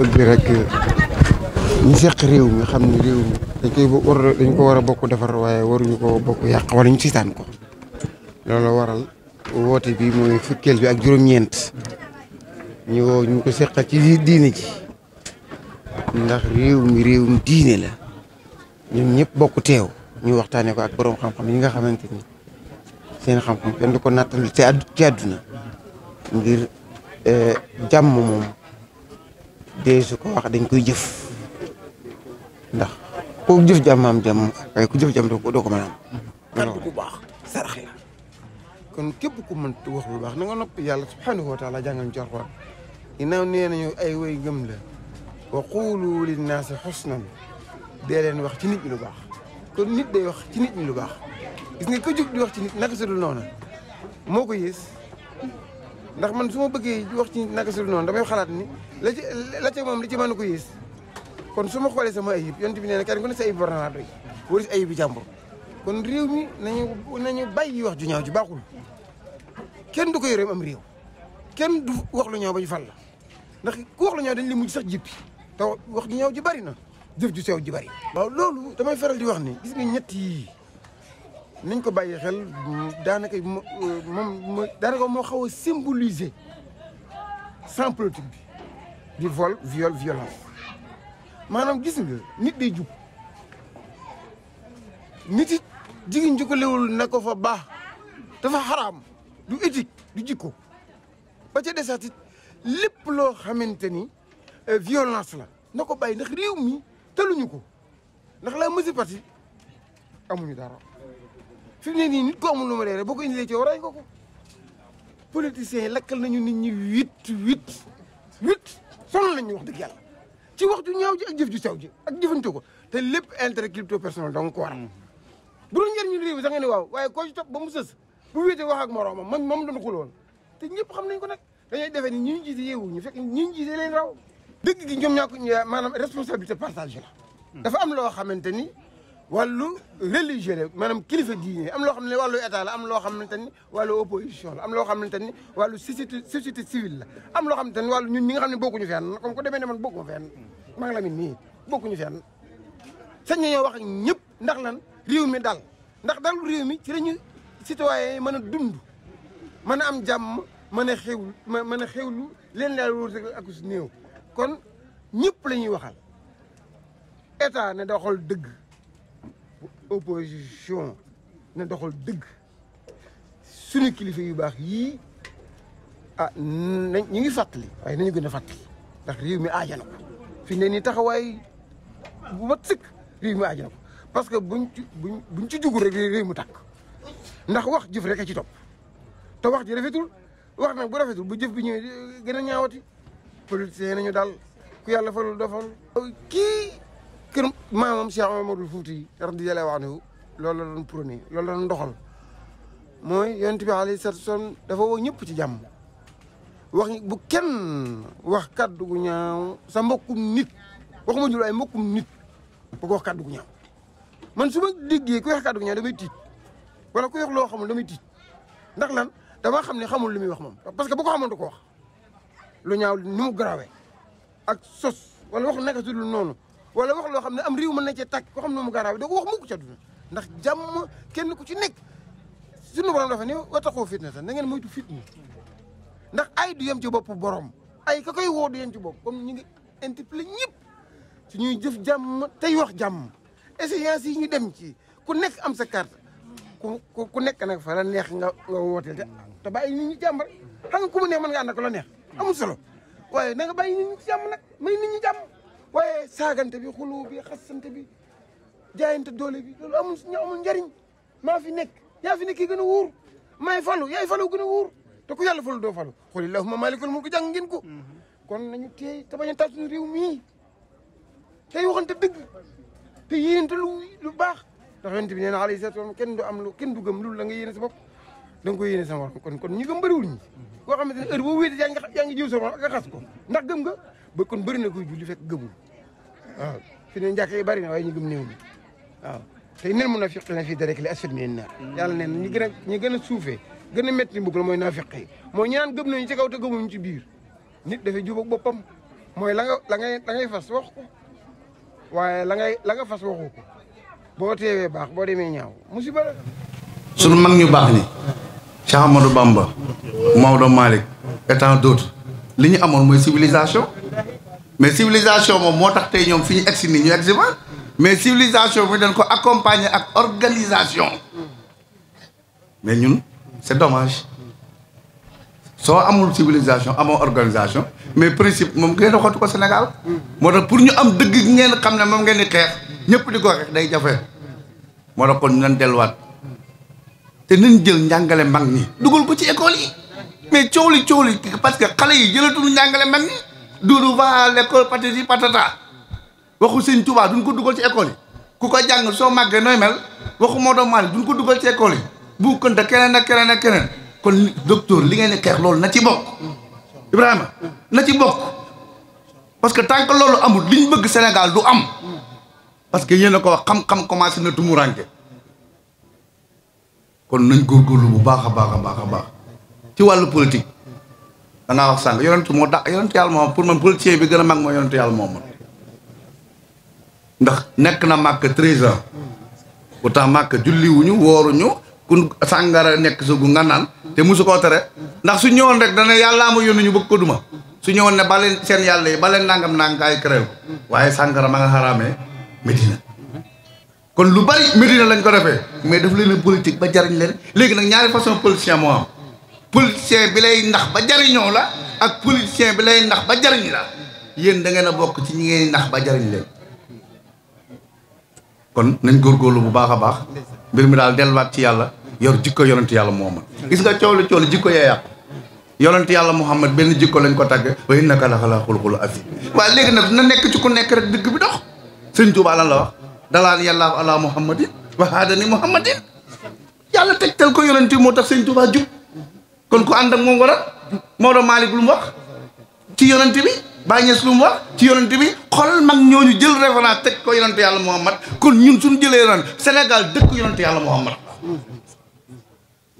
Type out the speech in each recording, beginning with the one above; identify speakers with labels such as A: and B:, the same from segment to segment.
A: bëgg rek ñu seq réew mi xam ne réew dañ ko war bokk defar waaye waruñu ko bokk yàq wala ñu siitaan ko loolu waral woote bi mooy fukkeel bi ak juróom-ñeent ñu woo ñu ko seqal ci diine ji ndax réew mi diine la ñun ñëpp bokk teew ñu waxtaanee ko ak borom xam-xam yi nga xamante ni seen xam-xam kenn du ko nattal ci àdduna ngir eh, jàmm moom dee su ko wax dañ koy jëf ndax ku jëf jàmmam jàmm waaye ku jëf jàmm doo ko doo ko mën a am. bu baax sarax la. kon képp ku mën wax bu baax na nga noppi yàlla subhaanahu wa taala jàngal ñu ci Alxuraan ginnaaw nee nañu ay way gëm la wa quulu linnaasi xusnan dee leen wax ci nit ñi lu baax kon nit day wax ci nit ñi lu baax gis nga ko jug di wax ci nit na su dul noona moo ko yées ndax man su ma bëggee wax ci naka sul noonu damay xalaat ni la ci la ca moom li ci mën ko yées kon su ma xoolee sama ayib yonent bi nee na kenn ku ne sa ayib war naa doy si ayib bi jàmbur kon réew mi nañu nañu wax ju ñaaw ji baaxul kenn du ko yoreem am réew kenn du wax lu ñaaw ba ñu fal la ndax ku wax lu ñaaw dañ li mujj sax jib te wax ju ñaaw ji bari na jëf ju sew ji bari waaw loolu damay faral di wax ni gis nga ñetti nañ ko bàyyi xel daanaka moom daanaka moo xawa a symboliser sans politique bi di vol viol violence maanaam gis nga nit day jub nit it jigéen ji ko lewul na ko fa baax dafa xaraam du éthique du jikko ba ca desaat it lépp loo xamante ni euh, violence la na ko bàyyi ndax réew mi tëluñu ko ndax la mësi parti amuñu dara fi mu ne nit ko amul lu ma reere boo ko indilee coow ray nga ko politiciens yi lakkal nañu nit ñi huit huit huit sonal nañ ñu wax dëgg yàlla ci wax ju ñaaw ji ak jëf ju sew ji ak jëfante ko te lépp intérêt crypto personnel dong ko waral bu ñu njëriñu réew mi ne waaw waaye koo ci topp ba mu sës bu wéetee wax ak moroomam man moom doon xuloon te ñëpp xam nañ ko nag dañuy defee ni ñi ñu jiite yeewu ñu fekk ñi ñu jiite leen raw dëgg gi ñoom ñu ko maanaam responsabilité partagée la hmm. dafa am loo xamante ni wàllu religieux la maanaam kilifa diine am loo xam ne wàllu état la am loo xamante ni wàllu opposition la am loo xamante ni wàllu société société civile la am loo xamante ni wàllu ñun ñi nga xam ne bokkuñu fenn comme ku demee ne man bokkuma fenn maa ngi la mit nii bokkuñu fenn sañ nañoo wax ak ñëpp ndax lan réew mi dal ndax dalu réew mi ci lañu citoyen yi mën a dund mën a am jàmm man a xew mën a xewlu leen daal wóor ak su néew kon ñëpp la ñuy waxal état ne da dëgg opposition na doxal dëgg suñu kilifa yu baax yii ah nañ ñu ngi fàttali waaye nañu gën a fàttali ndax réew mi aaja fi ne nii taxawaay bu mat sëkk réew mi aaja parce que buñ ci buñ buñ ci jugul rek mu tàkk ndax wax jëf rek a ci topp wax ji rafetul wax nag bu rafetul bu jëf bi ñëwee gën a ñaawati politiciens nañu daal ku yàlla falul dofal kii kër maamam Cheikh Mamadou Fouti radiyallahu anhu loolu la doon prôné loolu la doon doxal mooy yonent bi alayhi salaatu salaam dafa woo ñëpp ci jàmm wax bu kenn wax kaddu gu sa mbokkum nit waxuma jul ay mbokkum nit bu ko wax kaddu gu ñaaw man su ma déggee ku wax kaddu gu ñaaw damay tiit wala ku wax loo xamul damay tiit ndax lan dama xam ne xamul li muy wax moom parce que bu ko xamoon du ko wax lu ñaaw ni mu garaawee ak sos wala wax naka su dul noonu wala wax loo xam ne am réew mën na cee tàkk ko xam ne mu garaaw doo ko wax ndax jàmm kenn ku ci nekk suñu borom dafa ne wattaqoo fitna tan na ngeen moytu fitna ndax ay du yem ci bopp borom ay ka woo du yem ci bopp comme ñu ngi interpellé ñëpp suñuy jëf jàmm tey wax jàmm échéance yi ñu dem ci ku nekk am sa carte ku ku nekk nag fa neex nga nga wooteel te te bàyyi nit ñi jàmm rek xam nga ku mu neex man nga ànd ak la neex amul solo waaye na nga bàyyi nit ñi jàmm nag may nit ñi jàmm waaye saagante bi xuloo bi xasante bi jaayante doole bi loolu amul ñu amul njariñ maa fi nekk yaa fi nekk yi gën a wóor maay falu yaay falu gën a wóor te ku yàlla falu doo falu xool illahumma maalikul mulk jàng ngeen ko mhm. kon nañu teey te bañ a taal suñu réew mii tey waxante dëgg te yéente lu lu baax ndax yonent bi nee na alayhi salaatu wa salaam kenn du am lu kenn du gëm lu la nga yéene sa bopp da nga ko yéene sa morom kon kon ñu gëm bëriwul ñi koo xamante ne heure boo wéete yaa ngi yaa ngi jiw sa xas ko ndax gëm nga ba kon bëri na koy julli fekk gëmul waaw fi ne njàkk yi waaye ñu gëm néew bi waaad tey nen munafiqina fii darek li asfal min naar yàlla nen ñi gën a ñi gën a suufee gën a métti mbugg la mooy naafiq yi mooy ñaan gëm nañu ci kaw te gëmuñu ci biir nit dafay jub boppam mooy la nga la ngay la ngay fas wax ko waaye la ngay la nga fas waxu ko boo teewee baax boo demee ñaaw musiba la
B: suñu mag ñu baax ni Cheikh Amadou Bamba Maodo li ñu amoon mooy civilisation mais civilisation moom moo tax tey ñoom fi ñu egsi nii ñu egsi ma mais civilisation bi dañ ko accompagner ak organisation mais ñun c'est dommage soo amul civilisation amoo organisation mais principe moom ngeen waxatu ko Sénégal moo tax pour ñu am dëgg ngeen xam ne moom ngeen di xeex ñëpp di ko xeex day jafe moo tax kon ñu nan delluwaat te nañ jël njàngale mag ñi dugal ko ci école yi mais coow li coow li parce que xale yi jëlatuñu njàngale mag ñi du va à l'école patati patata waxu sëñ Touba duñ ko dugal ci école yi ku ko jàng soo màggee nooy mel waxu Maodo Malick duñ ko dugal ci école yi bu konte keneen ak keneen ak keneen kon docteur li ngeen di xeex loolu na ci bokk Ibrahima na ci bokk parce que tant que loolu amul liñ bëgg Sénégal du am parce que yéen a ko wax xam-xam commencé na tumuranke kon nañ góorgóorlu bu baax a baax a baax a baax ci wàllu politique dangaa wax sànq yonentu moo dàq yonentu yàlla moom pour man politicien bi gën a mag mooy yonentu moom ndax nekk na màkk treize ans bu tax màkk julliwuñu wooruñu kun sàngara nekk sugu nga naan te mosu koo tere ndax su ñëwoon rek dana yàllaa ma yónni ñu bëgg ko duma su ñëwoon ne baleen seen yàlla yi baleen nangam nangaay créé ko waaye sàngara ma nga xaraamee Medina kon lu bari Medina lañ ko defee mais daf leen politique ba jariñ leen léegi nag ñaari façon politicien moo am politicien bi lay ndax ba jariñoo la ak politicien bi lay ndax ba jariñ la yéen da a bokk ci ñi ngeen ndax ba jariñ leen kon nañ góorgóorlu bu baax a baax mbir mi daal delluwaat ci yàlla yor jikko yonent yàlla Muhammad gis nga coow li coow li jikko yee yàqu yonent yàlla Muhammad benn jikko lañ ko tàgge wa innaka la xalaa xulxul asi waaye léegi nag na nekk ci ku nekk rek digg bi dox sëñ Tuubaa lan la wax dalaan yàllaaw ala muhammadin wa haadani muhammadin yàlla tegtal ko yonent yi moo tax sëñ Tuubaa kon ku ànd ak moom war a Maodo Malick lu wax ci yonent bi Baye Niass lu mu wax ci yonent bi xoolal mag ñooñu jël référence teg ko yonent yàlla Muhammad kon ñun suñu jëlee ren Sénégal dëkk yonent yàlla Muhammad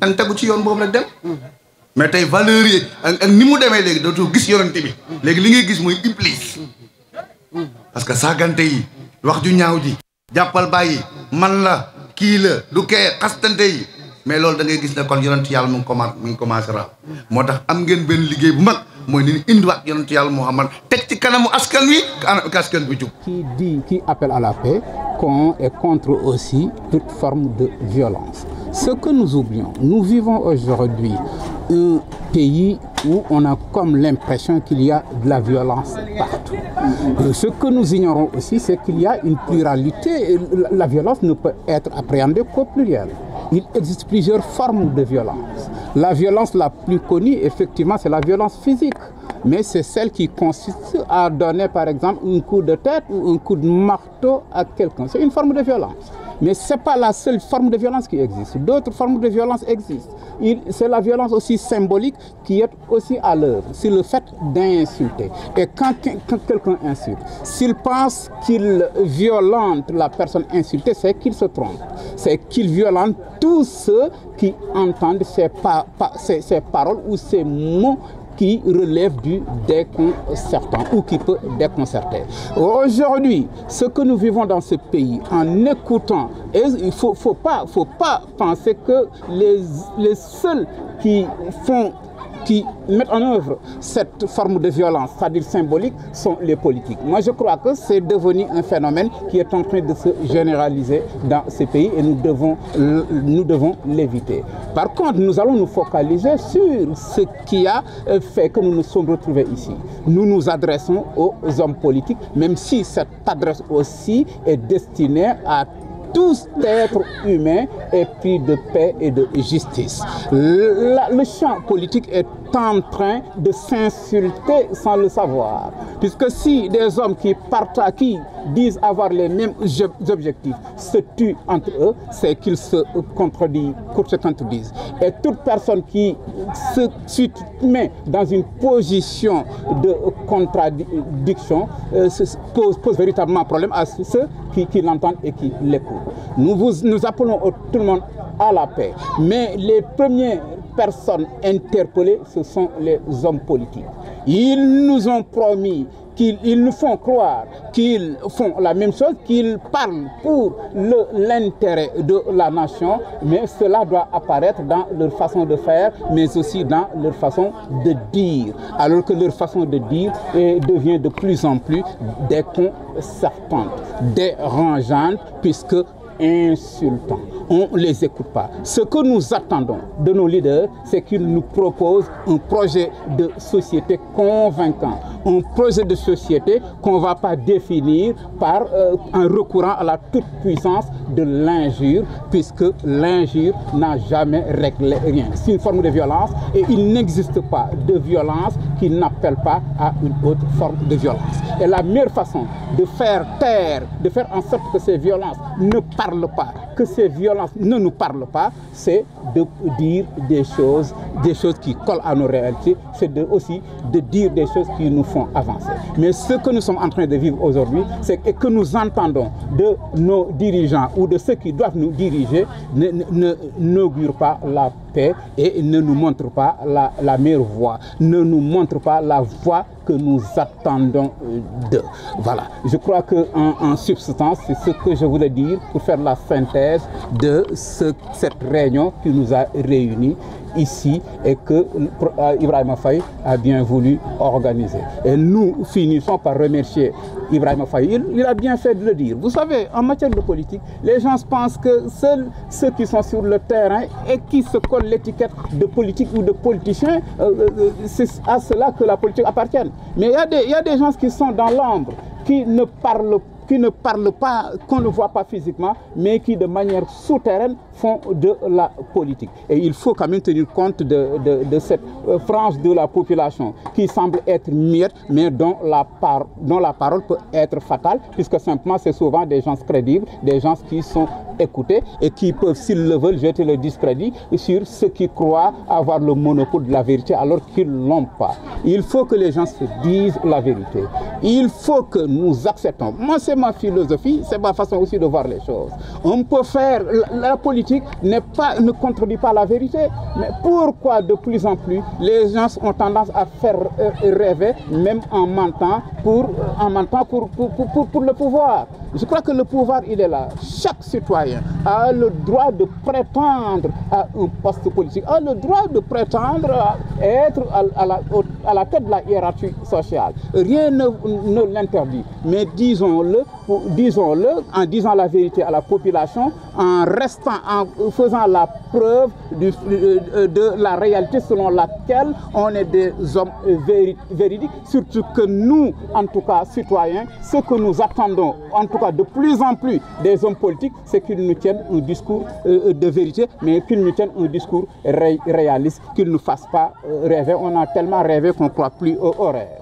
B: dañ tegu ci yoon boobu rek dem tey valeur yi ni mu demee léegi dootoo gis yonent bi léegi li ngay gis mooy Iblis parce que saagante yi wax ju ñaaw ji jàppal bàyyi man la kii la du kee xastante yi mais loolu da ngay gis ne kon yonent yàlla ngi commencé moo tax am ngeen benn liggéey bu mag moo ni ñu indiwaat yonent yàlla Muhammad teg ci kanamu askan wi askan bi jub qui dit ci
C: appelle à la paix qu'on est contre aussi toute forme de violence ce que nous oublions nous vivons aujourd'hui un pays où on a comme l'impression qu'il y a de la violence partout. Et ce que nous ignorons aussi, c'est qu'il y a une pluralité. la violence ne peut être appréhendée qu'au il existe plusieurs formes de violence. La violence la plus connue, effectivement, c'est la violence physique. Mais c'est celle qui consiste à donner, par exemple, un coup de tête ou un coup de marteau à quelqu'un. C'est une forme de violence. Mais ce n'est pas la seule forme de violence qui existe. D'autres formes de violence existent. C'est la violence aussi symbolique qui est aussi à l'œuvre. si le fait d'insulter. Et quand, quand quelqu'un insulte, s'il pense qu'il violente la personne insultée, c'est qu'il se trompe. C'est qu'il violente tous ceux qui entendent ces, pa pa ces, ces paroles ou ces mots qui relève du déconcertant ou qui peut déconcerter. Aujourd'hui, ce que nous vivons dans ce pays, en écoutant, et il ne faut, faut, pas, faut pas penser que les, les seuls qui font qui mettent en œuvre cette forme de violence, c'est-à-dire symbolique, sont les politiques. Moi, je crois que c'est devenu un phénomène qui est en train de se généraliser dans ces pays et nous devons, nous devons l'éviter. Par contre, nous allons nous focaliser sur ce qui a euh, fait que nous nous sommes retrouvés ici. Nous nous adressons aux hommes politiques, même si cette adresse aussi est destinée à tous être humain est pris de paix et de justice. Le, la, le champ politique est en train de s'insulter sans le savoir. Puisque si des hommes qui partent à qui disent avoir les mêmes objectifs se tuent entre eux, c'est qu'ils se contredisent, se contredisent. Et toute personne qui se, met dans une position de contradiction euh, pose, pose, véritablement problème à ceux qui, qui l'entendent et qui l'écoutent. Nous, vous, nous appelons tout le monde à la paix. Mais les premières personnes interpellées, ce sont les hommes politiques. Ils nous ont promis qu'ils nous font croire qu'ils font la même chose, qu'ils parlent pour l'intérêt de la nation, mais cela doit apparaître dans leur façon de faire, mais aussi dans leur façon de dire. Alors que leur façon de dire devient de plus en plus déconcertante, dérangeante, puisque insultants. On ne les écoute pas. Ce que nous attendons de nos leaders, c'est qu'ils nous proposent un projet de société convaincant, un projet de société qu'on ne va pas définir par, euh, en recourant à la toute-puissance de l'injure, puisque l'injure n'a jamais réglé rien. C'est une forme de violence et il n'existe pas de violence qui n'appelle pas à une autre forme de violence. Et la meilleure façon de faire taire, de faire en sorte que ces violences ne pas parle pas que ces violences ne nous parlent pas, c'est de dire des choses, des choses qui collent à nos réalités, c'est de, aussi de dire des choses qui nous font avancer. Mais ce que nous sommes en train de vivre aujourd'hui, c'est que, que nous entendons de nos dirigeants ou de ceux qui doivent nous diriger, n'augure pas la paix et ne nous montre pas la, la meilleure voie, ne nous montre pas la voie que nous attendons euh, d'eux. Voilà, je crois que en, en substance, c'est ce que je voulais dire pour faire la synthèse élèves de ce, cette réunion qui nous a réunis ici et que euh, Ibrahim Faye a bien voulu organiser. Et nous finissons par remercier Ibrahim Faye. Il, il, a bien fait de le dire. Vous savez, en matière de politique, les gens pensent que seuls ceux qui sont sur le terrain et qui se collent l'étiquette de politique ou de politicien, euh, euh c'est à cela que la politique appartient. Mais il y, a des, il y a des gens qui sont dans l'ombre, qui ne parlent pas qui ne parle pas, qu'on ne voit pas physiquement, mais qui de manière souterraine font de la politique. Et il faut quand même tenir compte de, de, de cette euh, frange de la population qui semble être miette, mais dont la, par, dont la parole peut être fatale, puisque simplement c'est souvent des gens crédibles, des gens qui sont écoutés et qui peuvent, s'ils le veulent, jeter le discrédit sur ceux qui croient avoir le monopole de la vérité alors qu'ils ne l'ont pas. Il faut que les gens se disent la vérité. Il faut que nous acceptons. Moi, c'est ma philosophie, c'est ma façon aussi de voir les politique pas, ne contredit pas la vérité. Mais pourquoi de plus en plus les gens ont tendance à faire euh, rêver, même en mentant, pour, en mentant pour, pour, pour, pour le pouvoir Je crois que le pouvoir, il est là. chaque citoyen a le droit de prétendre à un poste politique, a le droit de prétendre à être à, la, à la tête de la hiérarchie sociale. Rien ne, ne l'interdit. Mais disons-le, disons-le en disant la vérité à la population, en restant, en faisant la preuve euh, de la réalité selon laquelle on est des hommes véridiques, surtout que nous, en tout cas citoyens, ce que nous attendons, en tout cas de plus en plus des hommes politiques, politique, c'est qu'ils nous tiennent un discours euh, euh, de vérité, mais qu'ils nous tiennent un discours ré réaliste, qu'ils ne nous pas euh, rêver. On a tellement rêvé qu'on ne croit plus au horaire.